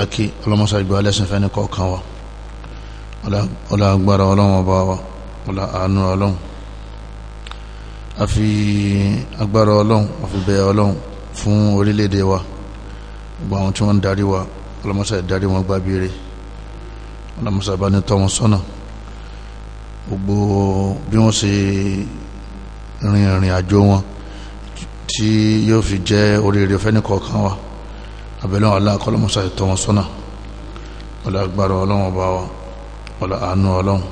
yaki ọlọ́mọ́sá ìgbà alẹ́sìn fẹ́ ní kọ̀ọ̀kan wa ọlá agbára ọlọ́wọ̀n ọba wa ọlá àánú ọlọ́run a fi agbára ọlọ́run a fi bẹ̀ ọlọ́run fún orílẹ̀-èdè wa gbogbo àwọn tí wọ́n ń darí wa ọlọ́mọ́sá ìdarí wọn gbá bèèrè ọlọ́mọ́sá bá ní tọ́ wọn sọ́nà gbogbo bí wọ́n ṣe rin ìrìn àjò wọn tí yóò fi jẹ́ oríire fẹ́ ní kọ̀ọ̀kan wa abẹ́lẹ́ wọn aláà kọ́lọ́mọ́sá ìtọ́ wọn sọ́nà wọlé agbára ọlọ́wọ́n bá wa wọlé àánú ọlọ́wọ́n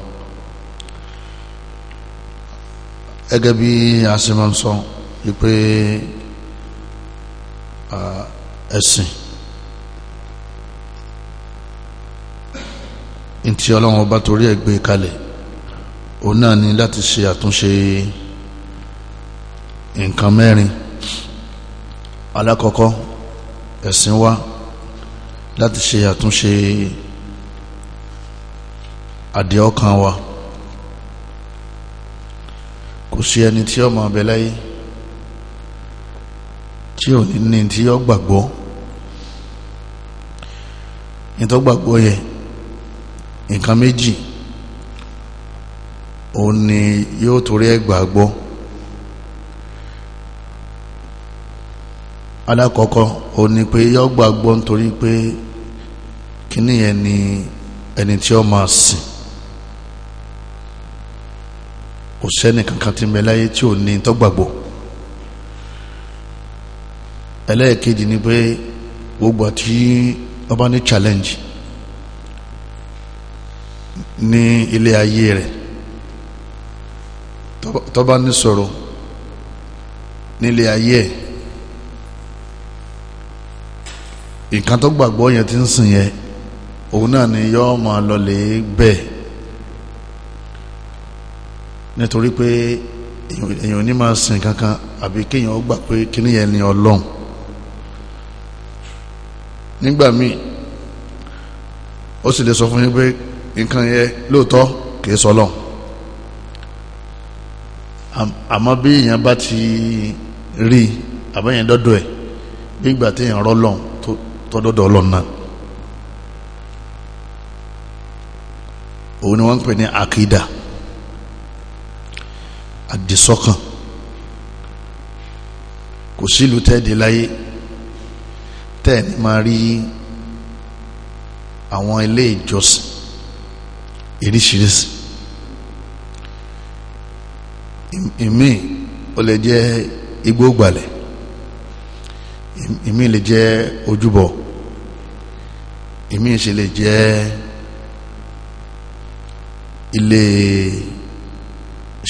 gẹ́gẹ́ bí a ṣe máa ń sọ wípé ẹ̀sìn ntí ọlọ́wọ́n bá torí ẹ̀ kalẹ̀ òun náà ni láti ṣe àtúnṣe nǹkan mẹ́rin alákọ̀ọ́kọ́ ẹ̀sìn wa láti ṣe àtúnṣe àdìẹ ọkàn wa kò sí ẹni tí ó máa bẹ láyé tí ò ní ní tí ó gbàgbọ́ ìtọ́ gbàgbọ́ yẹ nǹkan méjì òun ni yóò torí ẹ̀ gbàgbọ́ alákọ̀ọ́kọ́ ó ní pé yọ gbàgbọ́ nítorí pé kíní yẹn ni ẹni tí ó máa sìn kò sẹ́ni kankan ti ń bẹ láyé tí ò ní tọ́gbàgbọ́ ẹlẹ́ẹ̀kejì ni pé gbogbo àti ọba ní challenge ní ilé ayé rẹ̀ tọ́ba ní sọ̀rọ̀ nílé ayé ẹ̀ ìkan tó gbàgbọ́ yẹn ti ń sìn yẹn òun náà ni yọ́ máa lọlẹ̀ bẹ́ẹ̀ nítorí pé èèyàn ní máa sìn kankan àbí kéèyàn gbà pé kíní yẹn ni ọlọ́run nígbà míì ó sì lè sọ fún yín pé nǹkan yẹn lóòótọ́ kìí sọ ọlọ́run àmọ́ bí èèyàn bá ti rí àbẹ́yẹn dọ́dọ̀ ẹ̀ bí téèyàn rọ́ lọ́run tọ́dọ̀dọ̀ ọlọ́nà òun ni wọ́n ń pè ní àkídà àdìsọ́kàn kò sílùú tẹ́ẹ̀dẹ̀ láyé tẹ́ẹ̀ni máa rí àwọn ilé ìjọsìn oríṣiríṣi ìmí ó lè jẹ́ igbó gbalẹ̀ ìmí lè jẹ́ ojúbọ èmi ṣe lè jẹ́ ilé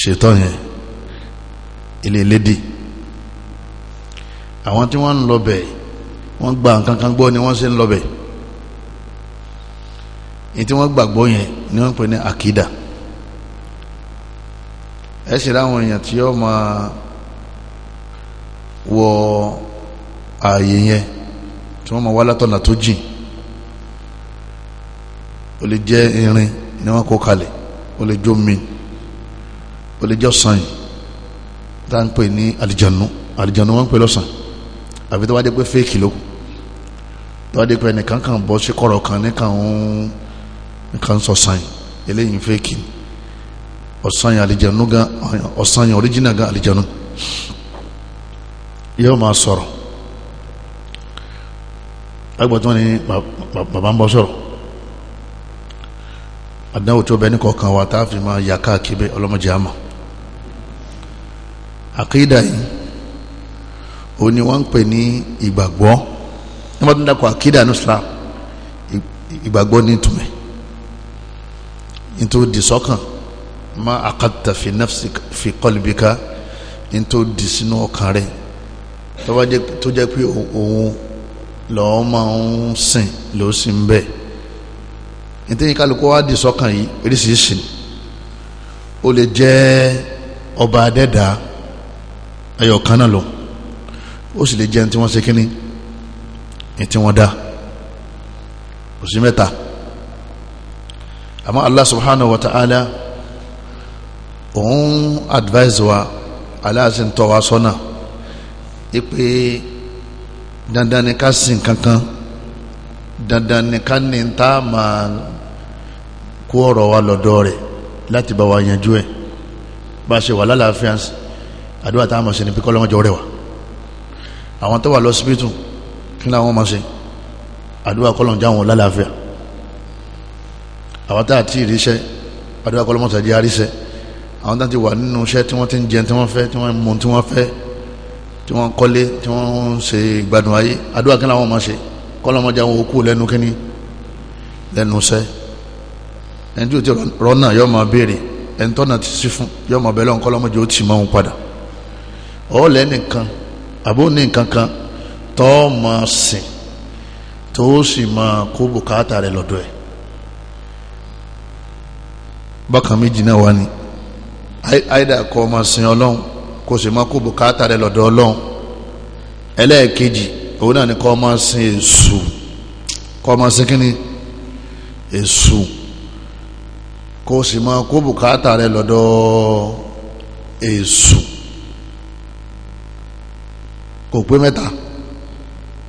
ṣètọ́ yẹn ilé lédì àwọn tí wọ́n ń lọ bẹ̀ wọ́n gba nǹkan kan gbọ́ ni wọ́n ṣe ń lọ bẹ̀ èyí tí wọ́n gbàgbọ́ yẹn ni wọ́n pè ní àkídà ẹ ṣe láwọn èèyàn tí ó máa wọ ààyè yẹn tí wọ́n máa wá látọ̀nà tó jìn O lè jẹ́ irin ni wọ́n kó kalẹ̀ ó lè jó mi O lè jẹ́ ọ̀sán yìí tá à ń pè ní àlìjànú àlìjànú wọ́n ń pè lọ́sàn àbí tó wá dé pé fẹ́ẹ̀kì ló kù tó wá dé pé ẹnìkan kàn bọ́ sí kọ̀rọ̀ kan nìkan ń nìkan sọ sàn yìí eléyìí fẹ́ẹ̀kì ọ̀sán yìí àlìjànú gan ọ̀sán yìí original gan àlìjànú yóò máa sọ̀rọ̀ agbọ̀tún ni bàbá ń bọ́ sọ̀rọ̀ àdánwò tó bẹ ní kọ̀ọ̀kan wa tá a fi máa yà káàkiri ọlọ́mọdé àmọ́ àkídà yìí ó ní wọ́n ń pè ní ìgbàgbọ́ ní wọ́n dákọ̀ àkídà ní Islam ìgbàgbọ́ ní ìtumẹ̀ nítorí di sọ́kàn ma àkàtà fi nafsi fi qalbika nítorí di sínú ọkàn rẹ̀ tó jẹ́ pé òun lọ́ọ́ máa ń sìn ló sì ń bẹ́ẹ̀ nítorí kálukú wa di sọ́kàn yìí oríṣiríṣi ó lè jẹ́ ọba adẹ́dà ẹyọ kan náà lọ ó sì lè jẹ́ ẹni wọ́n ṣe kínní ẹni wọ́n dá kò sí mẹ́ta àmọ́ Allah subhanahu wa ta'ala òun advice wa aláàsìn tọ́ wa sọ́nà ipe dandan ni ká sìn kankan dandan nìkan ní tá a máa kó ọ̀rọ̀ wa lọ́dọ̀ rẹ̀ láti bá wa yanjú ẹ̀ bá a ṣe wà lálàáfíà àdúrà tá a máa ṣe ní píkọ́ lọ́mọjọ́ rẹ̀ wà àwọn tó wà lọ́sibítù kí ni àwọn máa ṣe àdúrà kọ́lọ̀ ń já wọn lálàáfíà àwọn tá a ti ríṣẹ́ àdúrà kọ́lọ̀ mọ́tàdí àríṣẹ́ àwọn tá a ti wà nínú iṣẹ́ tí wọ́n ti ń jẹun tí wọ́n fẹ́ tí wọ́n mú tí wọ́n fẹ́ tí wọ́n kọ́lé tí wọ́n ń ṣe ìgbádùn ayé àdúrà kí ni àwọn máa ṣe kọ́lọ́mọdé àwọn òkú lẹ́nu kínní lẹ́nu sẹ́ ẹni tí ó ti rọ́nà yọ máa béèrè ẹni tọ́nà ti sí fún yọ máa bẹ̀rẹ̀ kọ́lọ́mọdé ó ti máa ń padà ọ̀ọ́lẹ̀ nìkan àbó ní nǹkan kan tó máa sìn tó sì máa kó bùkátà rẹ̀ lọ́dọ̀ ẹ̀ bákan méjì náà wá ní àìdá kọ́ máa sìn ọlọ́run kó sì máa kó bùkátà rẹ̀ lọ́dọ̀ ọlọ́run ẹlẹ́ẹ̀kejì òun náà ni kọ́ máa sin èṣù kọ́ máa sin kíni èṣù kó o sì máa kó bùkátà rẹ lọ́dọ̀ èṣù kò pé mẹ́ta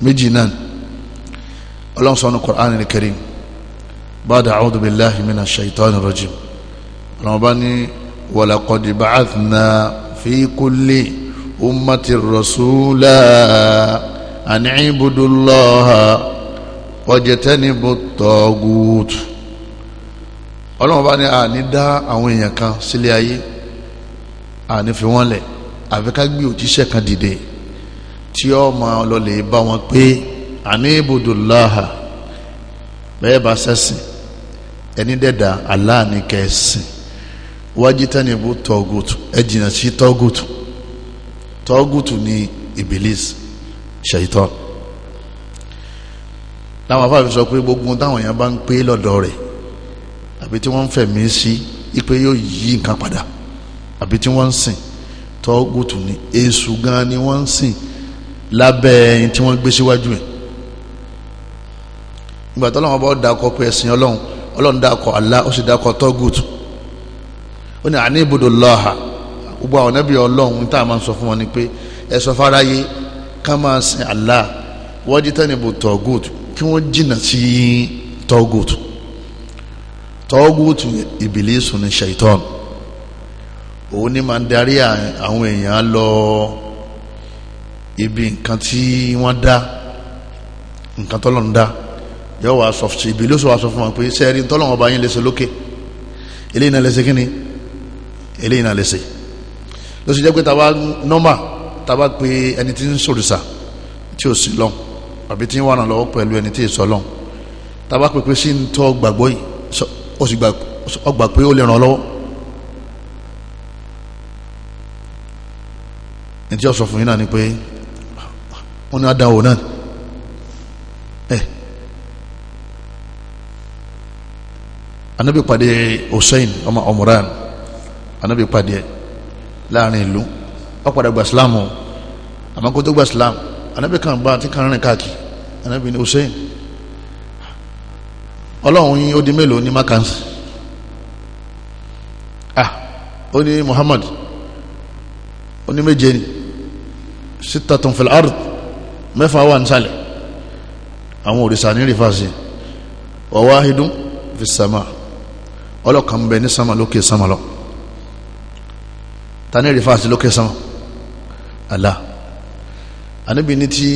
méjì náà ọlọ́run sọ ní Qur'an al-Karim ba'da a'udhu billahi minash shaitani rajim ọlọ́run bá ní walaqad ba'athna fi kulli ummati rasula. أن اعبدوا الله واجتنبوا الطاغوت ọlọ́run bá ní àní dá àwọn èèyàn kan sílé ayé àní fi wọ́n lẹ̀ àfi òjíṣẹ́ kan dìde tí ó máa lọlẹ̀ bá wọn pé àní ibùdóláhà bẹ́ẹ̀ bá sẹ́sìn ẹni dẹ́dà aláàní wájú tọ́gùtù ẹ ṣèyítọ́ láwọn afáàfin sọ pé gbogbo táwọn èèyàn bá ń pé lọ́dọ̀ rẹ̀ àbí tí wọ́n ń fẹ̀mí sí ipe yóò yí nǹkan padà àbí tí wọ́n ń sìn tọ́gùtù ni èṣù gan ni wọ́n ń sìn lábẹ́ ẹyin tí wọ́n gbé síwájú ẹ̀ ìgbà tó lọ́wọ́ bá dákọ̀ pé ẹ̀sìn ọlọ́run ọlọ́run dákọ̀ Allah ó sì dákọ̀ tọ́gùtù ó ní àní ibùdó lọ́ha gbogbo àwọn ẹbí ọlọ́run tá a máa ń sọ fún wọn ni pé ẹ fáráyé ká máa sin Allah wajitanibu tọ́gùtù kí wọ́n jìnnà sí tọ́gùtù tọ́gùtù ìbílísù ní shaitan òun ni máa ń darí àwọn èèyàn lọ ibi nǹkan tí wọ́n dá nǹkan tọ́lọ̀ ń dá yóò wá sọ fún ìbílísù wá sọ fún wa pé sẹ́ẹ̀rí tọ́lọ̀ wọn yín lè ṣe lókè eléyìí náà lè ṣe kí ni eléyìí náà lè ṣe ló pé tàwa nọ́mà tàbá pe ẹni tí ń sòrìṣà tí ò sí lọ́n àbí tí ń wàràn lọ́wọ́ pẹ̀lú ẹni tí ì sọ lọ́n tàbá pé pé sí ń tọ́ gbàgbọ́ yìí ó sì gbà pé ó lè ràn lọ́wọ́ ẹni tí ó sọ fún yín náà ni pé wọ́n ní adáwò náà ẹ̀ anábì pàdé Hussein ọmọ Umran anábì pàdé láàrin ìlú ó padà gba islam o àmọ́ kó tó gba islam anabi kan bá ti kan rìn káàkiri anabi ni hussein ọlọ́run yín ó di mélòó ní makansi ah ó ní muhammad ó ní méje ni sittatun fil ard mẹ́fà wà nísàlẹ̀ àwọn òrìṣà ní rìfàṣì wa wahidun fi sàmà ọlọ́kan bẹ ní sàmà lókè sàmà lọ ta ní rìfàṣì lókè sàmà. Allah anabi ni tí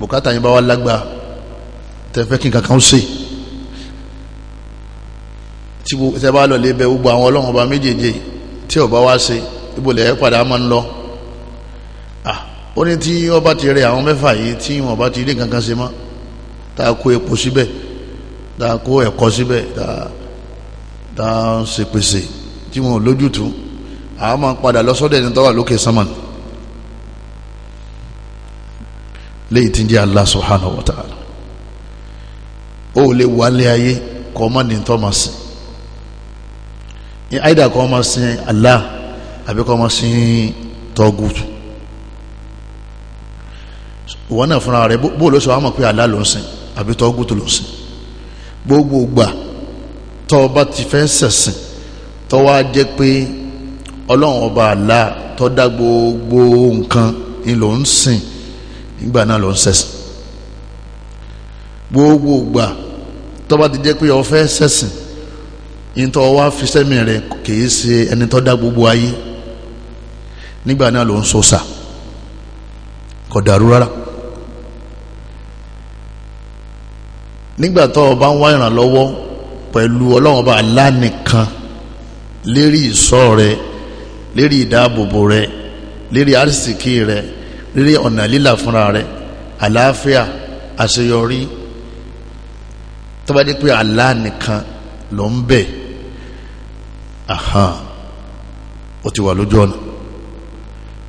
bùkátà yín bá wà lágbà tẹ́fẹ́ kí nǹkan kan ṣe tí tẹ́ bá lọ lé bẹ gbogbo àwọn ọlọ́run ọba méjèèjì tí ọba wá ṣe ibòlẹ̀ ẹ̀ padà máa ń lọ ah, ó ní tí ọba ti rẹ àwọn mẹ́fà yìí tí wọn bá ti rí nǹkan ṣe mọ́ tá a kó epo síbẹ̀ tá a kó ẹ̀kọ́ síbẹ̀ tá a ṣèpèsè tí wọn lójútùú àwọn máa ń padà lọ sọ́dọ̀ ẹni tó lókè sánmà léyìí tí ń jẹ́ Allah subhanahu wa ta'ala ó lè wálé ayé kọ́ ọmọ ma si àìdá kọ́ ma sìn Allah àbí kọ́ ọmọ sìn tọ́gùtù ìwọ náà fúnra rẹ bó ló sọ àwọn mọ̀ pé Allah ló ń sìn àbí gbogbo gbà tọ́ ọba ti fẹ́ sẹ̀sìn tọ́ wá jẹ́ pé ọlọ́run ọba Allah tọ́ dá gbogbo ìgbà náà ló ń sẹ́sìn gbogbo gbà tó bá ti jẹ́ pé o fẹ́ sẹ́sìn ìtọ́ wa fi sẹ́mi rẹ̀ kìí ṣe ẹni tó dá gbogbo ayé nígbà náà ló ń sọ́sà kò dàrú rárá nígbà tó o bá ń wá ìrànlọ́wọ́ pẹ̀lú ọlọ́run bá lánìkan lérí rẹ rí ọ̀nà lílà fúnra rẹ̀ àlàáfíà àṣeyọrí tó bá dé pé àlá nìkan ló ń bẹ̀ ahàn ó ti wà lójú ọ̀nà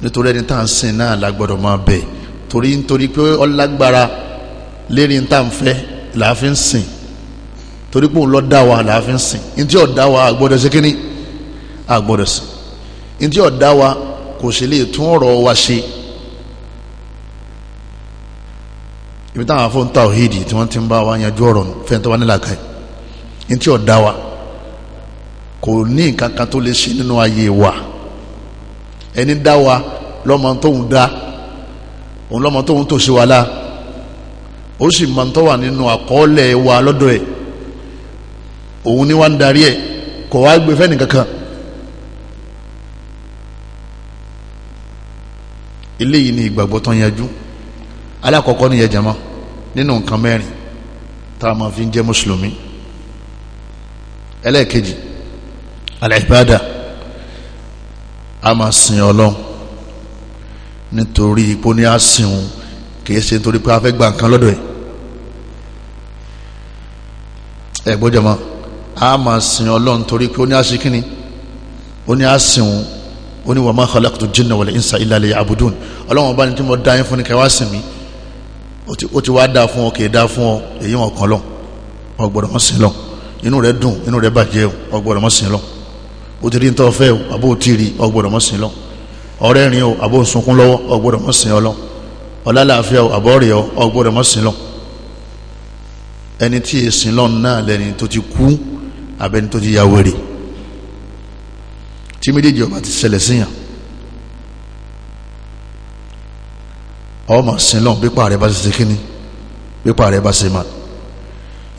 nítorí ẹni tá à ń sìn náà lágbọ́dọ̀ máa bẹ̀ torí nítorí pé ó lágbára lérí tá à ń fẹ́ làá ń sìn torí pé òun lọ dá wa làá fi ń sìn ní tí ò dá wa àgbọ́dọ̀ ṣe kínní àgbọ́dọ̀ sìn ní tí ò dá wa kò sì lè tún ọ̀rọ̀ wa ṣe. ibi táwọn afọ ń ta òhìdì tí wọ́n ti ń bá wa yanjú ọ̀rọ̀ fẹ́ tó wá nílà ká ẹ̀ ní tí wa kò ní nǹkan kan tó lè ṣe nínú ayé wa ẹni dá wa lọ́mọ tóun dá òun lọ́mọ tóun tò sí wa lá ó sì mọ tó wà nínú àkọọ́lẹ̀ wa lọ́dọ̀ ẹ̀ òun ni wá ń darí ẹ̀ kò wá gbé fẹ́ nìkankan eléyìí ni ìgbàgbọ́ tán yanjú alákọ̀ọ́kọ́ nìyẹn jama nínú nǹkan mẹ́rin tá a máa fi ń jẹ́ mùsùlùmí ẹlẹ́ẹ̀kejì alẹ́bàdà a máa sin ọlọ́run nítorí ipò ní a sìn òun kìí ṣe nítorí pé a fẹ́ gba nǹkan lọ́dọ̀ ẹ̀ ẹ̀ gbọ́dọ̀ mọ́ a máa sin ọlọ́run nítorí pé ó ní a ṣe kínni ó ní a sìn òun ó wa ma khalaqtu jinna wal insa illa liya'budun ọlọ́run ọba ni tí mo dá yín fún ni kẹ́ wá sìn mí o ti wá dáa fún ọ kì í dáa fún ọ èyí wọn kàn lọ ọ gbọ́dọ̀ mọ sí lọ inú rẹ dùn inú rẹ bàjẹ́ o ọ gbọ́dọ̀ mọ sí lọ o ti rí ntọ́ fẹ́ o àbó o ti rí ọ gbọ́dọ̀ mọ sí lọ ọ̀rẹ́ rìn o àbó o sunkún lọ́wọ́ ọ gbọ́dọ̀ mọ sí ọ lọ ọlálàáfíà o àbọ̀ rẹ̀ ọ ọ gbọ́dọ̀ mọ sí lọ ẹni tí yẹ sí lọ náà lẹni tó ti kú abẹni tó ti yà wèrè tí méjèèjì ọba ti ṣẹlẹ̀ síyàn ọmọ sinlọ́n pípa rẹ̀ bá ṣe kíni pípa rẹ̀ bá ṣe ma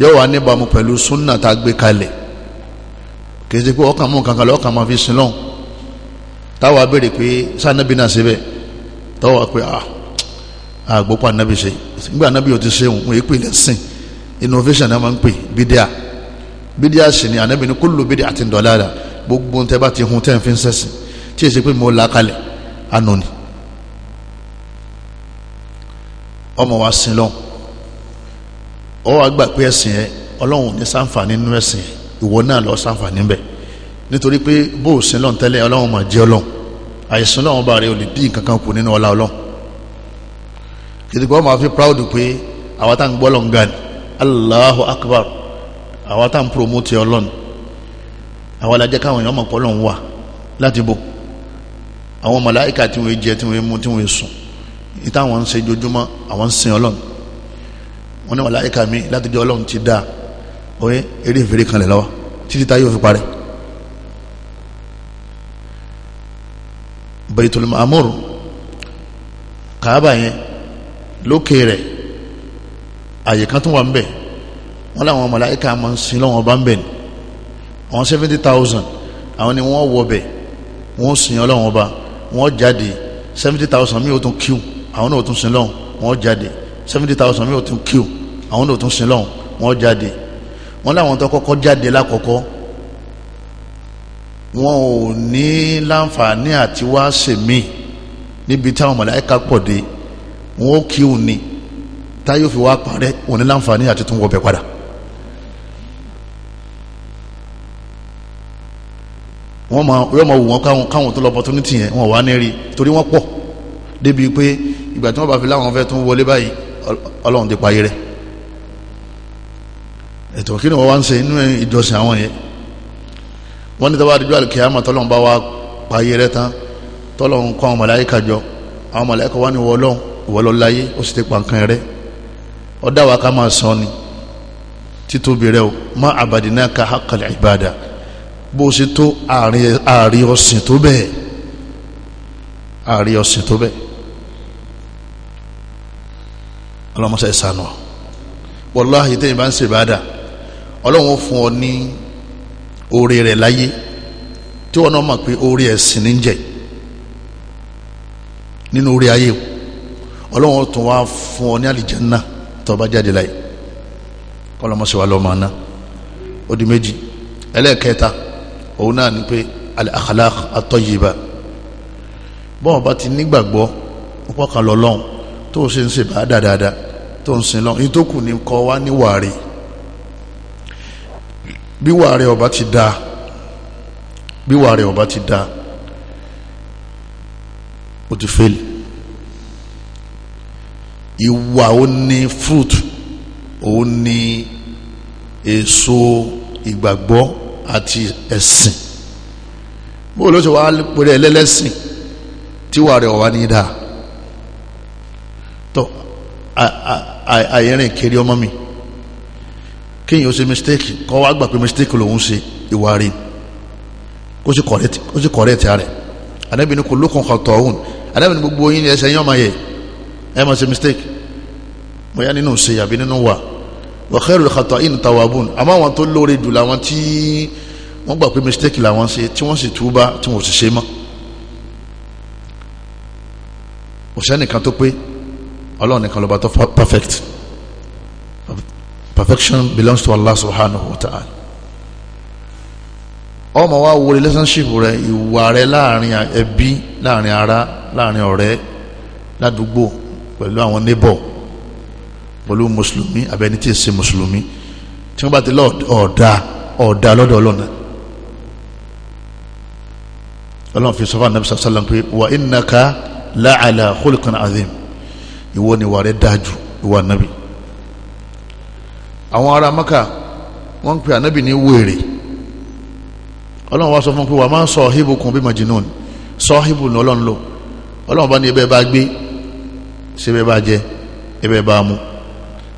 yóò wá níbàámu pẹ̀lú súnà tá a gbé kalẹ̀ kì í ṣe pé ọkàn mú kankan lọ ọkàn máa fi sinlọ́n táwa béèrè pé sànàbí náà ṣe bẹ́ẹ̀ táwa pé àgbópa ah, nàbí ṣe nígbà nàbí yóò ti ṣe òun èyí pè lẹ́sìn innovation náà máa ń pè bídíà bídíà sì ni ànábì ní kúlù bídíà àti ndọ̀lára gbogbo tẹ bá ti hun tẹ́ ń fi ń sẹ́sìn tí èsì pé mo là kalẹ̀ anoni. ọmọ wa sin lọ ọ wá gbà pé ẹ̀sìn yẹn ọlọ́run ò ní sáǹfààní nínú ẹ̀sìn yẹn ìwọ náà lọ sáǹfààní bẹ̀ nítorí pé bó o sin lọ́n tẹ́lẹ̀ ọlọ́run mà jẹ́ ọlọ́run àìsàn lọ́run bá rẹ ò lè dín kankan kù nínú ọlá ọlọ́run kìtìkọ́ máa fi proud pé àwa tá à ń gbọ́ lọ́n gan Allahu Akbar àwa tá à ń promote ọlọ́run àwa la jẹ́ káwọn èèyàn mọ̀ pọ́ lọ́run wà láti bò àwọn màláíkà tí wọ́n jẹ tí wọ́n mú tí wọ́n sùn ìta àwọn ń ṣe jojúmọ́ àwọn ń sin ọlọ́run wọn ní wọn láyéka mi látijọ́ ọlọ́run ti dáa oye eré ìfèrè kan lẹ̀ lọ́wọ́ títí táyé òfin parẹ́ Baitul Ma'mur kàábà yẹn lókè rẹ̀ àyè kan tó wà ń bẹ̀ wọ́n láwọn màláíkà máa ń sin lọ́wọ́ bá ń bẹ̀ ni àwọn seventy thousand àwọn ni wọ́n wọ bẹ̀ wọ́n sin ọlọ́wọ́n bá wọ́n jáde seventy thousand mi ò tún kíw àwọn náà tún sin lọ́hùn wọ́n jáde seventy thousand mi ò tún kíw àwọn náà tún sin lọ́hùn wọ́n jáde wọ́n láwọn tó kọ́kọ́ jáde lákọ̀ọ́kọ́ wọn ò ní láǹfààní àti wá sèmí níbi táwọn màláíkà pọ̀ dé wọn ó kíw ni táyọ̀ fi wá parẹ́ wọn ní láǹfààní àti tún wọbẹ̀ padà. wọ́n máa wọ́n máa wù wọ́n káwọn tó lọ opportunity yẹn wọ́n wà ní rí torí wọ́n pọ̀ débi pé ìgbà tí wọ́n bá fi láwọn fẹ́ tún wọlé báyìí ọlọ́run ti payé rẹ̀ ẹ̀tọ́ kí ni wọ́n wá ń ṣe inú ìjọsìn àwọn yẹn wọ́n ní tọ́wọ́ àdúgbò àlùkìyàmọ̀ tọ́lọ́run bá wá payé rẹ̀ tán tọ́lọ́run kọ́ àwọn màláíkà jọ àwọn màláíkà wá ní wọlọ́run ìwọlọ́láyé ó sì ti pa nǹkan rẹ̀ ọ̀dà wa ká máa sọ ni títóbi rẹ̀ o má àbàdínà ká hàkàlẹ̀ ìbàdà bó ṣe tó ààrí ọ̀sìn tó bẹ́ẹ̀ ààrí ọ̀sìn tó bẹ́ẹ̀ ọlọ́mọṣẹ́ ìsànù wàláhì tẹ́yìn bá ń ṣe ìbáàdà ọlọ́run fún ọ ní oore rẹ̀ láyé tí wọn náà mọ̀ pé oore ẹ̀sìn ní jẹ́ nínú oore ayé ọlọ́run tún wá fún ọ ní àlìjánná tó bá jáde láyé kọlọmọṣẹ́ wa lọ́mọ aná ó méjì ẹlẹ́ẹ̀kẹta òun náà ni pé al-akhlaq at-tayyiba bọ́ọ̀ bá ti nígbàgbọ́ ó pọ̀ kan lọ́lọ́run tó ṣe ń ṣe bá dáadáa tó ń sin lọ ní tó kù ní kọ́ wá ní wàrí bí wàrí ọba ti da bí wàrí ọba ti da o ti fail ìwà ó ní fruit ó ní èso ìgbàgbọ́ àti ẹ̀sìn bó ló ṣe wá pèrè ẹlẹ́lẹ́sìn tí wàrí ọba ní dáa tó àìrìn kiri ọmọ mi kéèyàn ó ṣe mistake kọ́ wá gbà pé mistake lòun ṣe ìwà rí kó sì correct rẹ̀ Ànábì ní kullukum khata'un Ànábì ní gbogbo yín ẹsẹ̀ yín ọmọ yẹ ẹ máa ṣe mistake bóyá nínú ṣe àbí nínú wà wa khairul khata'in tawabun àmọ́ àwọn tó lóore jù làwọn tí wọ́n gbà pé mistake làwọn ṣe tí wọ́n sì túbá tí wọ́n sì ṣe mọ́ òṣèǹkan tó pé ọlọ́run nìkan lọ́ba tó perfect perfection belongs to allah subhanahu wa ta'ala ọmọ wa wo relationship rẹ ìwà rẹ láàrin ẹbí láàrin ara láàrin ọ̀rẹ́ ládùúgbò pẹ̀lú àwọn neighbor pẹ̀lú mùsùlùmí abẹni tí ì ṣe mùsùlùmí tí wọ́n bá ti lọ ọ̀dà ọ̀dà lọ́dọ̀ ọlọ́nà ọlọ́run fi sọ fún anabi sallallahu wa sallam pé wa innaka la'ala khuluqan azim ìwọ ni ìwà rẹ dájú ìwà ànábì àwọn ará maka wọ́n ń pè ànábì ní wèrè ọlọ́run wá sọ fún pé wà máa sọ ọ̀hìbù kan bí majinun sọ ọ̀hìbù ní ọlọ́run lò ọlọ́run bá ní ẹbẹ́ bá gbé ṣe ẹbẹ́ bá jẹ ẹbẹ́ bá mu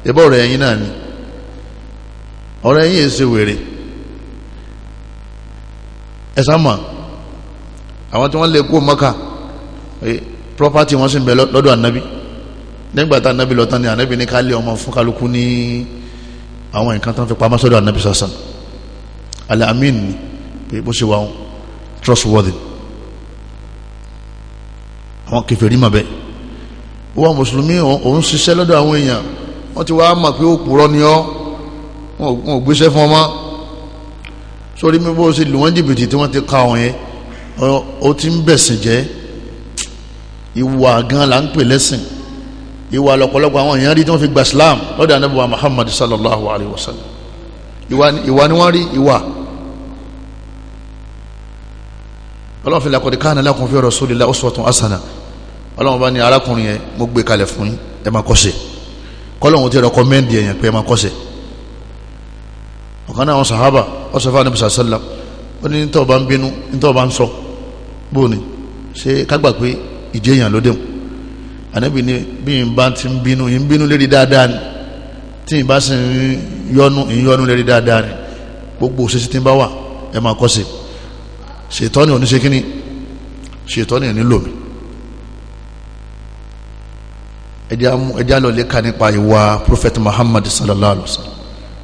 ẹbẹ́ ọ̀rẹ́ ẹ̀yìn náà ni ọ̀rẹ́ ẹ̀yìn èsì wèrè ẹ̀sà mọ̀ àwọn tí wọ́n lè kó mọ́ka property wọn sì ń bẹ lọ́dọ̀ ànábì nígbà tá anabi lọ ni anabi ní ká lé ọmọ fún kálukú ní àwọn nǹkan tó ń fi pamọ́ sọ́dọ̀ anabi sassan alamin pé bó ṣe wà wọn trustworthy àwọn kẹfẹ́rí mà bẹ́ẹ̀ wọ́n mùsùlùmí òun ṣiṣẹ́ lọ́dọ̀ àwọn èèyàn wọ́n ti wá mọ̀ pé ó purọ́ ni ọ́ wọn ò gbéṣẹ́ fún ọmọ sórí mi bó ṣe lù wọ́n jìbìtì tí wọ́n ti ka ọ̀hún yẹn ó ti ń bẹ̀sìn jẹ́ ìwà gan la ń pè lẹ́sìn ìwà lọ́pọ̀lọpọ̀ àwọn èèyàn rí tí wọ́n fi gba Islam lọ́dọ̀ anábì wa Muhammad sallallahu alayhi wa sallam ìwà ni wọ́n rí ìwà ọlọ́run fi laqad kana lakum fi rasulillahi uswatun hasana ọlọ́run bá ní arákùnrin yẹn mo gbé kalẹ̀ fún yín ẹ máa kọ́ṣe kọ́lọ́run ti rọkọ́mẹ́ndì ẹ̀yàn pé ẹ máa kọ́ṣe ọ̀kan náà àwọn sàhábà ọ̀sọ̀fà níbi sàṣẹ́lá ó ní nítorí ọba ń bínú nítorí ọba ń sọ bóòní ṣé kágbà pé ìjẹ́yàn ló dẹ̀hùn ànábì ni bí n bá ti ń bínú ń bínú lérí dáadáa ni tí n bá sì ń yọnu ń yọnu lérí dáadáa ni gbogbo òṣèṣì tí n bá wà ẹ máa kọ́ sí ṣètọ́ ni òní ṣe kíní ṣètọ́ ni òní lòmí ẹjá lọ lè ka nípa ìwà prophet muhammad sallallahu alaihi wa sallam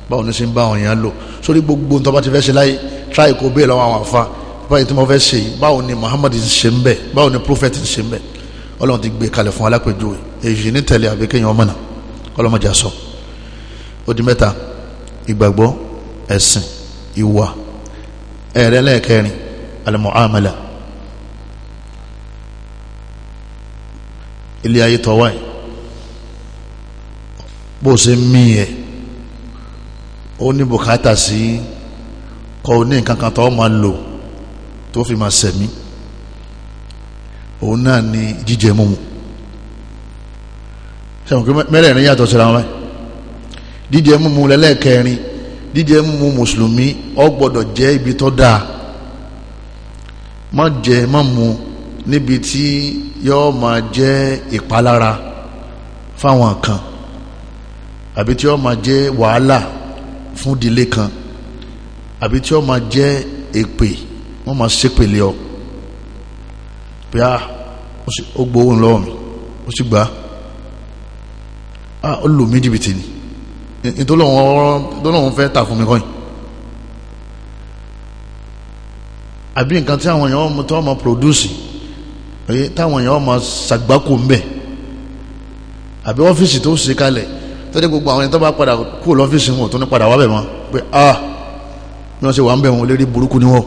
báwo ni ṣe ń bá àwọn èèyàn lò sórí gbogbo nǹkan bá ti fẹ́ ṣe láyé try kó bẹ́ẹ̀ lọ́wọ́ àwọn àfa báyìí tí mo fẹ́ ṣe báwo ni muhammad ṣe ń bẹ̀ báwo ni prophet ṣe ń bẹ̀ ọlọ́run ti gbé kalẹ̀ fún alápèjúwe èyí ní tẹ̀lé àbí kéèyàn ọmọ náà ọlọ́mọdé sọ ó di mẹ́ta ìgbàgbọ́ ẹ̀sìn ìwà ẹ̀rẹ́ lẹ́ẹ̀kẹrin al-mu'amala ilé ayé tọ́wà yìí bó ṣe mí ẹ̀ ó ní bùkátà sí kọ́ ní nǹkan kan tó máa lò tó fi máa sẹ̀mí òun náà ni jíjẹ mímu sẹ́wọ̀n kí mẹ́rẹ̀ẹ̀rin yàtọ̀ síra wọn jíjẹ mímu lẹ́lẹ́kẹrin jíjẹ mímu mùsùlùmí ó gbọ́dọ̀ jẹ́ ibi tó dáa má jẹ má mu níbi tí yóò máa jẹ́ ìpalára fáwọn kan àbí tí ó máa jẹ́ wàhálà fún ìdílé kan àbí tí ó máa jẹ́ èpè wọ́n máa ṣépèlé ọ pé á ah, ó gbowó lọ́wọ́ mi ó sì gbà á ah, ó lù mí jìbìtì ni ìtọ́lọ́wọ́n fẹ́ tà fún mi kọ́yìn àbí nǹkan tí àwọn èèyàn ọmọ tó ọmọ produce oye táwọn èèyàn ọmọ ṣàgbákò ń bẹ̀ àbí ọ́fíìsì tó ṣe kalẹ̀ tó dé gbogbo àwọn ẹni tó bá padà kú lọ́fíìsì wọn tó ní padà wábẹ̀ mọ́ pé ah bí wọ́n ṣe wà ń bẹ̀ wọn lérí burúkú ni wọ́n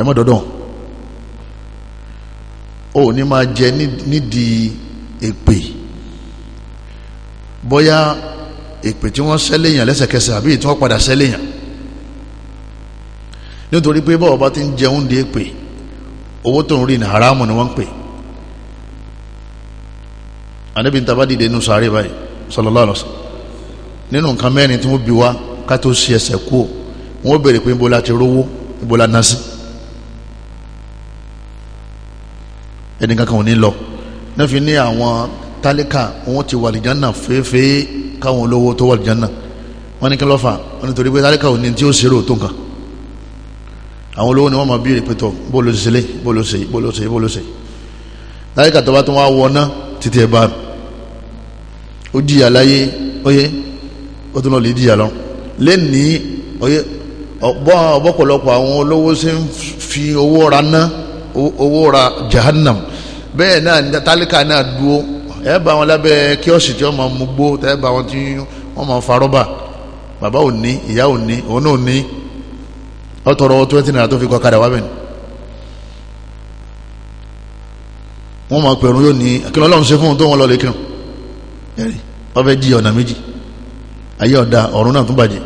ẹ mọ́ dọ́dọ̀ wọn o ní máa jẹ nídìí èpè bóyá èpè tí wọ́n sẹ́lẹ̀yàn lẹ́sẹ̀kẹsẹ̀ àbí tí wọ́n padà sẹ́lẹ̀yàn nítorí pé bọ́ọ̀ bá ti ń jẹun de èpè owó tó ń rí ní haramu ni wọ́n ń pè Ànábì ń taba dìde nínú sàárè báyìí sallallahu alaihi wasallam nínú nǹkan mẹ́rin tí wọ́n bi wá ká tó ṣe ẹsẹ̀ kú wọ́n béèrè pé ibo la ti rówó ibo la nasi. ẹni kankan ò ní lọ náà fi ní àwọn tálíkà wọn ti wàlìjánà fẹ́ẹ́fẹ́ẹ́ káwọn olówó tó wàlìjánà wọn ní kí ló fà wọn pé tálíkà ò ní tí ó ṣeré òtó nǹkan àwọn olówó ni wọn máa bí ìrèpẹtọ bó ló ṣe lé bó ló ṣe bó ló ṣe bó ló ṣe tálíkà tó bá tó wá wọ ná títí ẹ bá ó jìyà láyé óyé ó tún lọ lè jìyà lọ lẹ́nìí óyé ọ̀pọ̀lọpọ̀ àwọn olówó ṣe ń fi owó ra ná owó ra jahannam bẹ́ẹ̀ náà tálíkà náà dúró ẹ bá wọn lábẹ́ kíọ́sì tí wọ́n máa mú gbó tẹ́ bá wọn tí wọ́n máa fa rọ́bà bàbá ò ní ìyá ò ní òun náà ò ní ọtọrọ twenty naira tó fi kọ kadà wá bẹ́ẹ̀ ni wọ́n máa pẹ̀rún yóò ní akínú ọlọ́run ṣe fún un tó wọn lọ lè kírun ẹ̀rí ọbẹ̀ jí ọ̀nà méjì ayé ọ̀dà ọ̀run náà tún bàjẹ́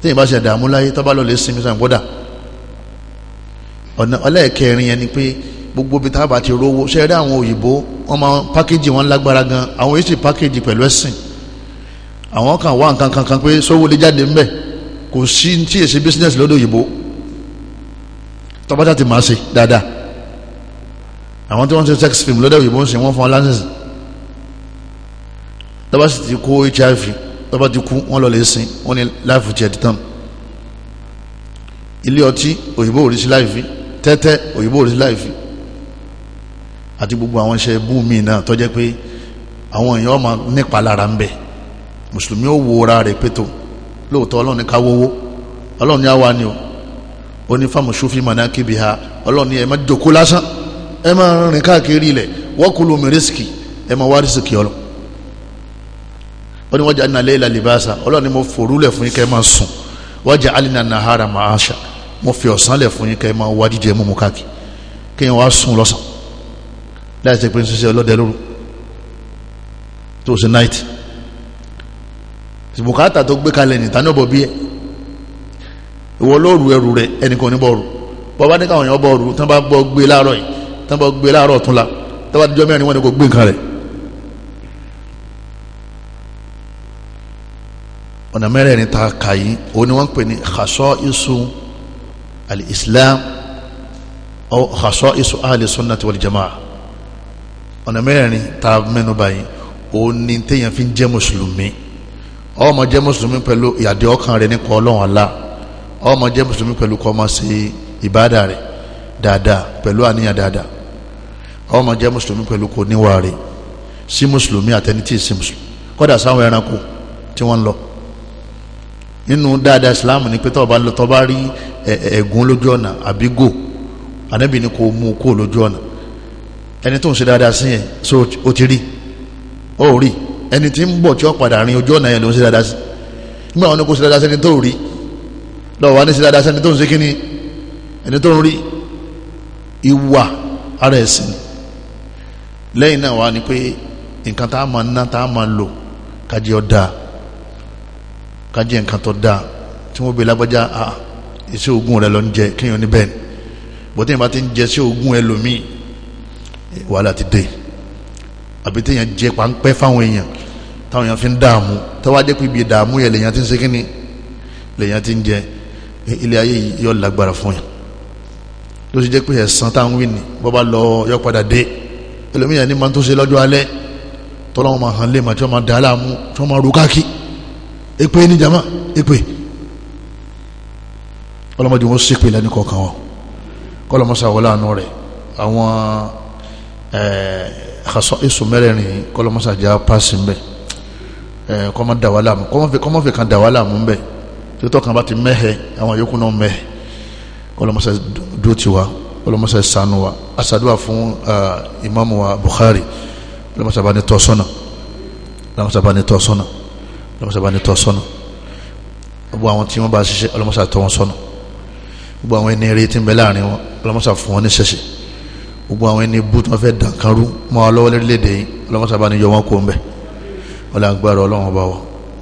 tí ìbá ṣe dààmú láyé tọ́ba lọ lè sinmi sàn gbọ́dà ọ̀nà ọlẹ́ẹ̀kẹrin yẹn ni pé gbogbo ibi tá a bá ti rówó ṣe rí àwọn òyìnbó wọ́n máa pákéjì wọn lágbára gan àwọn yìí sì pákéjì pẹ̀lú ẹ̀sìn àwọn kan wá nǹkan kankan pé sówó lè jáde ńbẹ kò sí tí èsì bísínẹ́sì lọ́dọ̀ òyìnbó tọ́pátá ti máa ṣe dáadáa àwọn tí wọ́n ṣe sex film lọ́dọ̀ òyìnbó ń ṣe wọ́n fún wọn láńsẹ̀sì tọ́ba sì ti kó hiv tọ́ba ti kú wọ́n lọ lè sin wọ́n ní láìfù tiẹ̀ ti tán ilé ọtí òyìnbó ò àti gbogbo àwọn iṣẹ́ bú mi náà tó jẹ́ pé àwọn èèyàn ọmọ nípa lára ń bẹ mùsùlùmí ó wo ra rẹ̀ pé tó lóòótọ́ ọlọ́run ká wówó ọlọ́run ní á ni o ó ní fámùsù fi mọ̀nà kíbi ha ọlọ́run ní ẹ má jòkó lásán ẹ má rìn káàkiri ilẹ̀ wọ́kùlù mi rìsíkì ẹ má wá rìsíkì ọlọ́ ó ní wọ́jà nínú alẹ́ ìlà libasa ọlọ́run ní mo forúlẹ̀ fún yín kẹ́ ẹ má sùn wọ́jà alina nahara maasha mo fi ọ̀sán lẹ̀ fún yín kẹ́ ẹ má wá jíjẹ mú káàkiri kí n wá sùn lọ́sàn láì ṣe pé ń ṣiṣẹ́ ọlọ́dẹ lóru tó ṣe night bùkátà tó gbé kalẹ̀ nìta ní ọ̀bọ̀ bí ẹ ìwọ lóru ẹrù rẹ ẹnìkan ní bọ́ọ̀rù bọ́ọ̀bá ní káwọn èèyàn bọ́ọ̀rù tán bá gbọ́ gbé láàárọ̀ yìí tán bá gbé láàárọ̀ tún la tán bá dijọ́ mẹ́rin wọn ni kò gbé nǹkan rẹ̀ ọ̀nà mẹ́rẹ̀ẹ̀rin ta kà yìí òun ni wọ́n ń pè ní khasaisu al-Islam aw khasaisu ahli sunnati wal jama'a ọ̀nà mẹ́rin tá a mẹ́nu báyìí òun ni téèyàn fi ń jẹ́ mùsùlùmí ọmọ jẹ́ mùsùlùmí pẹ̀lú ìyàdí ọkàn rẹ̀ nípa ọlọ́run àlá ọmọ jẹ́ mùsùlùmí pẹ̀lú kọ́ ọmọ sí ìbádà rẹ̀ dáadáa pẹ̀lú àníyàn dáadáa ọmọ jẹ́ mùsùlùmí pẹ̀lú kò níwà rẹ̀ sí mùsùlùmí àtẹni tí ì sí mùsùlùmí kọ́dà sáwọn ẹranko tí wọ́n ń lọ nínú dáadáa islam ni pé tọ́ba ń lọ tọ́ba rí ẹ̀ẹ̀gún lójú ọ̀nà àbí gò ànábì ni kò mú kó lójú ọ̀nà ẹni tó ń ṣe dáadáa sí yẹn so o ti rí o rí ẹni tí ń bọ̀ tí ó padà rin ojú ọ̀nà yẹn ló ń ṣe dáadáa sí nígbà wọn ni kò ṣe dáadáa sí ẹni tó rí lọ́wọ́ wa ní ṣe dáadáa sí ẹni tó ń ṣe kíni ẹni tó ń rí ìwà ara ẹ̀sìn lẹ́yìn náà wà ní pé nǹkan tá a máa ná tá a máa lò kájí ọ kájí nǹkan tó dáa tí wọ́n bẹ lágbájá a èsì oògùn rẹ lọ ń jẹ kéèyàn níbẹ̀ bọ́tẹ́yìn bá ti ń jẹ sí oògùn ẹlòmíì wàhálà ti dé àbí téèyàn jẹ pàǹpẹ́ fáwọn èèyàn táwọn èèyàn fi ń dààmú tọ́wádé pé ibi dààmú yẹn lèèyàn ti ń ṣe kínní lèèyàn ti ń jẹ ilé ayé yìí yọ lágbára fún yẹn ló ti jẹ́ pé ẹ̀sán táwọn wí ni bọ́ bá lọ yọ padà dé ẹlòmíyàn ní máa ń tó ṣe lọ́jọ́ alẹ́ tọ́lọ́wọ́n máa hàn lé màá tí wọ́n máa dà á láàmú tí wọ́n máa ru káàkiri èpè ní jama èpè ọlọ́mọdé wọn ṣépè lẹ́nu kọ̀ọ̀kan wọn kọ́lọ́mọṣà wọlé àánú xasọ isu mẹ́rẹ̀ẹ̀rin kọlọmọsàjà paasi ń bẹ kọmọ dawala mu kọmọfẹ kan dawala mu ń bẹ títọ́ kan bá ti mẹ́hẹ àwọn yòókù náà mẹ́hẹ kọlọmọsà dúró ti wa kọlọmọsà sànù wa asaduwa fún imaamu wa Bukhari kọlọmọsà bá ní tọ́ sọ́nà kọlọmọsà bá ní tọ́ sọ́nà kọlọmọsà bá ní tọ́ sọ́nà gbogbo àwọn tí wọ́n bá ṣiṣẹ́ kọlọmọsà tọ́ wọn gbogbo àwọn ẹni retí ń bẹ láàrin wọn kọlọmọsà wọn ní ṣẹ̀ṣẹ̀ gbogbo àwọn ẹni bú tí wọ́n fẹ́ dànkárú mọ́ wa lọ́wọ́ lórílẹ̀‐èdè yìí ọlọ́mọṣà bá ní yọ wọn kó ń bẹ̀ wọ́n lè agbára ọlọ́wọ́n bá wa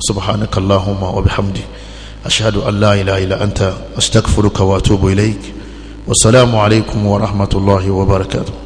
subhanaka allahumma wa bihamdi ashhadu an la ilaha illa anta astaghfiruka wa atubu ilayk wasalaamu alaykum wa rahmatulahi wa barakatuh.